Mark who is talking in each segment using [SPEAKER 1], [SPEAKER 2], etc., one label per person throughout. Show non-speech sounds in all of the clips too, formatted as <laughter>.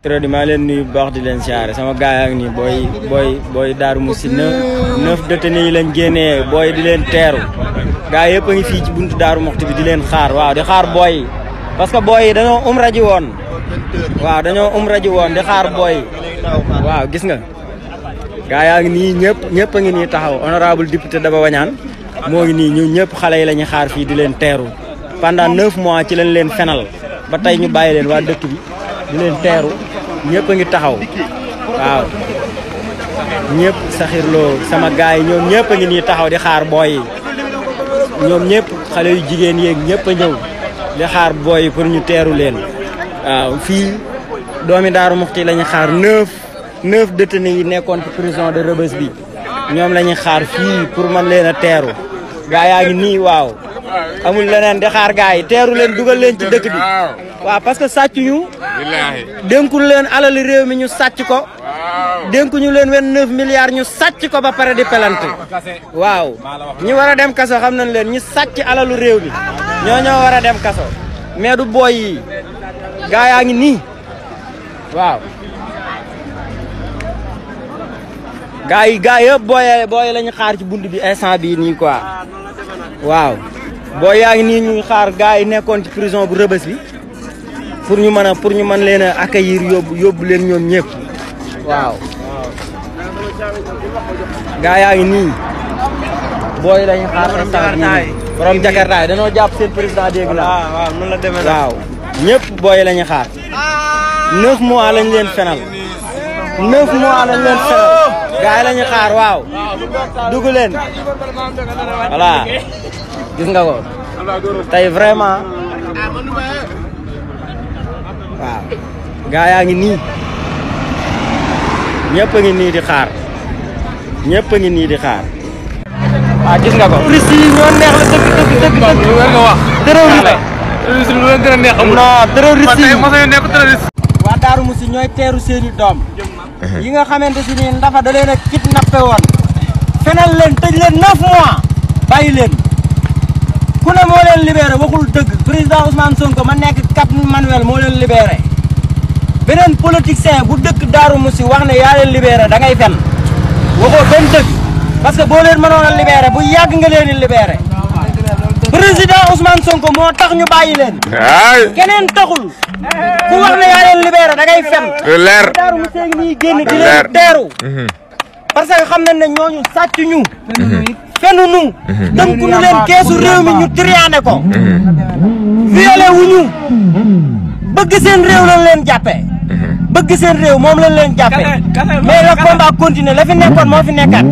[SPEAKER 1] Crédit di malen nuyu bax di len siyaare sama gaya ak ni boy boy boy daru musina neuf détenus yi lañ génnee di len teru gaay yepp ngi fi ci buntu daru Muxti bi di len xaar waaw di xaar boy parce que boy yi umra ji won waaw dañoo umra ji won di xaar boy waaw gis nga gaay ak ni ñepp ñepp ngi ni taxaw honorable député Daba wañan mo ngi ni ñu ñepp xalé yi lañu xaar fi di len teru pendant 9 mois ci lañ len fenal ba tay ñu dëkk bi di len teru ñëpp a ngi taxaw waaw ñëpp saxir sama gars yi ñoom ñëpp a ngi nii taxaw di xaar booy yi ñoom ñëpp xale yu jigéen yeeg ñëpp a ñëw di xaar booy yi pour ñu teeru leen waaw fii doomi Daaru Muxti la ñu xaar neuf neuf détenus yi nekkoon ci prison de Rebeuss bi ñoom la xaar fii pour man leen a teeru gaa yaa ngi nii waaw amul leneen di xaar gars yi teeru leen dugal leen ci dëkk bi waaw parce que sàcc ñu dénkul leen alal réew mi ñu sàcc ko dénkuñu leen wen neuf milliards ñu sàcc ko ba pare di pelante waaw ñi war a dem kaso xam nañ leen ñi sàcc alalu réew mi ñoo ñoo war a dem kaso mais du booy yi gaa yaa ngi nii waaw gaa yi gaa yëpp booy booy lañu xaar ci bund bi instant bii nii quoi waaw boo yaa ngi nii ñuy xaar gars yi nekkoon ci prison bu rëbës bi pour ñu mën a pour ñu mën leen a accueillir yóbbu yóbbu leen ñoom ñëpp waaw. gars yaa ngi nii booy lañu xaar instant bii borom jakartaay danoo jàpp seen président dégg la waaw noonu la demee waaw ñëpp booy xaar neuf mois lañ leen fenal neuf mois lañ leen fenal gars yi lañu xaar waaw dugg leen gis nga ko tay vraiment waaw gaa yaa ngi nii ñëpp ngi nii di xaar ñëpp ngi nii di xaar waaw ah, gis nga ko touriste yi ñoo neex la dëgg dëgg dëgg dëgg lu nga wax terroriste terroriste lu gën a neex amul non terroriste yi mos a nekk terroriste waa daaru musi ñooy teeru seeni doom yi nga xamante si ni ndafa da leen a kidnappé woon fenal leen tëj leen 9 mois bàyyi leen ku ne moo leen libéré waxul dëgg président Ousmane Sonko ma nekk Cap Manuel moo leen libéré beneen politicien bu dëkk Darou Moussi wax ne yaa leen libéré da ngay fen waxoo benn dëgg parce que boo leen ma a libéré bu yàgg nga leen di libéré président Ousmane Sonko moo tax ñu bàyyi leen. waay keneen taxul ku wax ne yaa leen libéré da ngay fen leer Darou Moussi ngi nii génn di leen teeru mhm. parce que xam nañ ne ñooñu sàcc ñu. fenu nu mhm. tënku nu leen keesu réew mi ñu triané ko mhm. Mhm. violé wuñu bëgg seen réew lañ leen jàppee bëgg seen réew moom lañ leen jàppee mais le combat continue la fi nekkoon moo fi nekkaat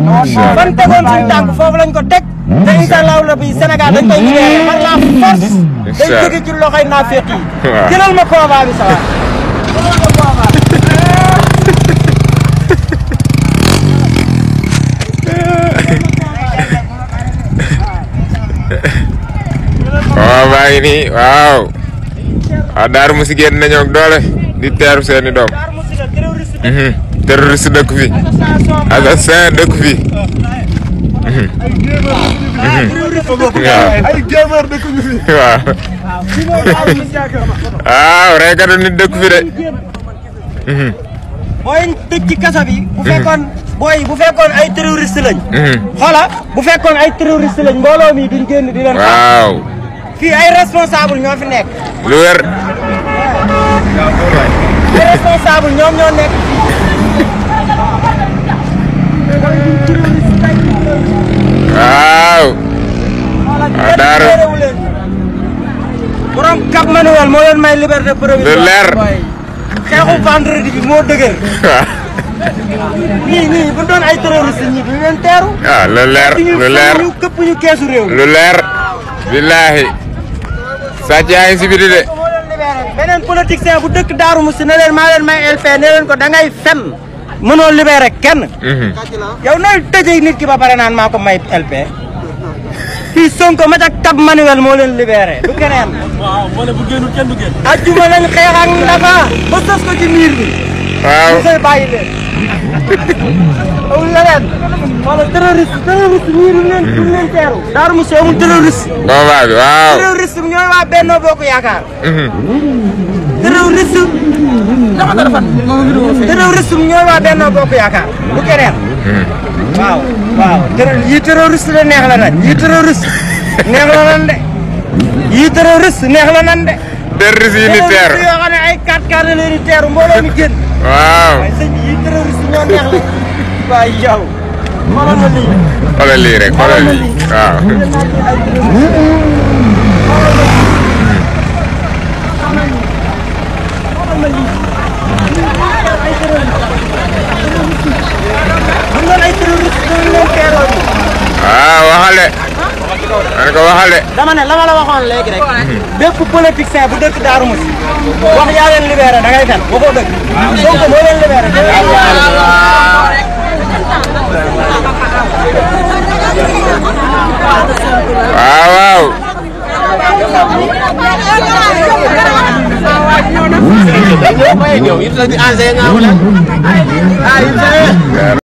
[SPEAKER 1] fan tegoon suñu tànk foofu lañ ko teg te incha allahu rabi Sénégal dañ koy libéré par la force dañ jóge ci loxoy naaféq yi <laughs> jëlal ma combat bi sa waay ini wow, ada arus mu si génn nañoog doole di teeru seeni doom terroriste dëkk fi assassin dëkk fi gamer kufi. nit dëkk fi boy bu mhm. ay terroriste lañ xoola mhm. bu fekkoon ay terroriste lañ mi duñ di waaw fii ay responsable ñofi nek lu wer responsable ñom ñoo nek waaw. waaw ah, borom Cap Manuel mo leen may liberté premier lu leer xexu vendredi bi moo dëgër. ñii ñii bu doon ay terroriste ñi duñ leen ah, leer leer ñu ñu leer. billahi sàcc yaa ngi si biir de. beneen politicien bu dëkk Darou Moussi ne maa leen may LP ne leen ko da ngay fen mënoo libéré kenn. Mhm. yow nooy tëjee nit ki ba pare naan maa ko may LP. fii Sonko ma ca Cap Manuel moo leen du keneen. waaw leen xeex ak ndafa ba ko ci miir bi. waaw ñu koy bàyyi leen. amul leneen. wala terroriste terroriste ñii duñ leen waaw Benno Bokk Yaakaar. dërëw rësum. dama dara fan. dërëw rësum ñooy waa Benno Bokk Yaakaar bu keneen. waaw waaw tërëw yii terroriste de neex la nan yii terroriste neex la nan de yii terroriste neex la nan de. terroriste yi ni teer yoo xam ne ay 4-4 la leen di teeru mbooloo mi génn. waaw waaye sëñ bi yii terroriste ñoo neex la waaye yow. xoolal ma lii rek xoolal lii rek xoolal lii waaw. waaw waxal de. man ko waxal de. dama ne la ma la waxoon léegi rek. bépp politicien bu dëkk Darou Moussi. wax yaa leen libéré da ngay fen waxoo dëgg. waaw Sonko moo leen libéré. waaw waaw yow it la ñu enseigné nga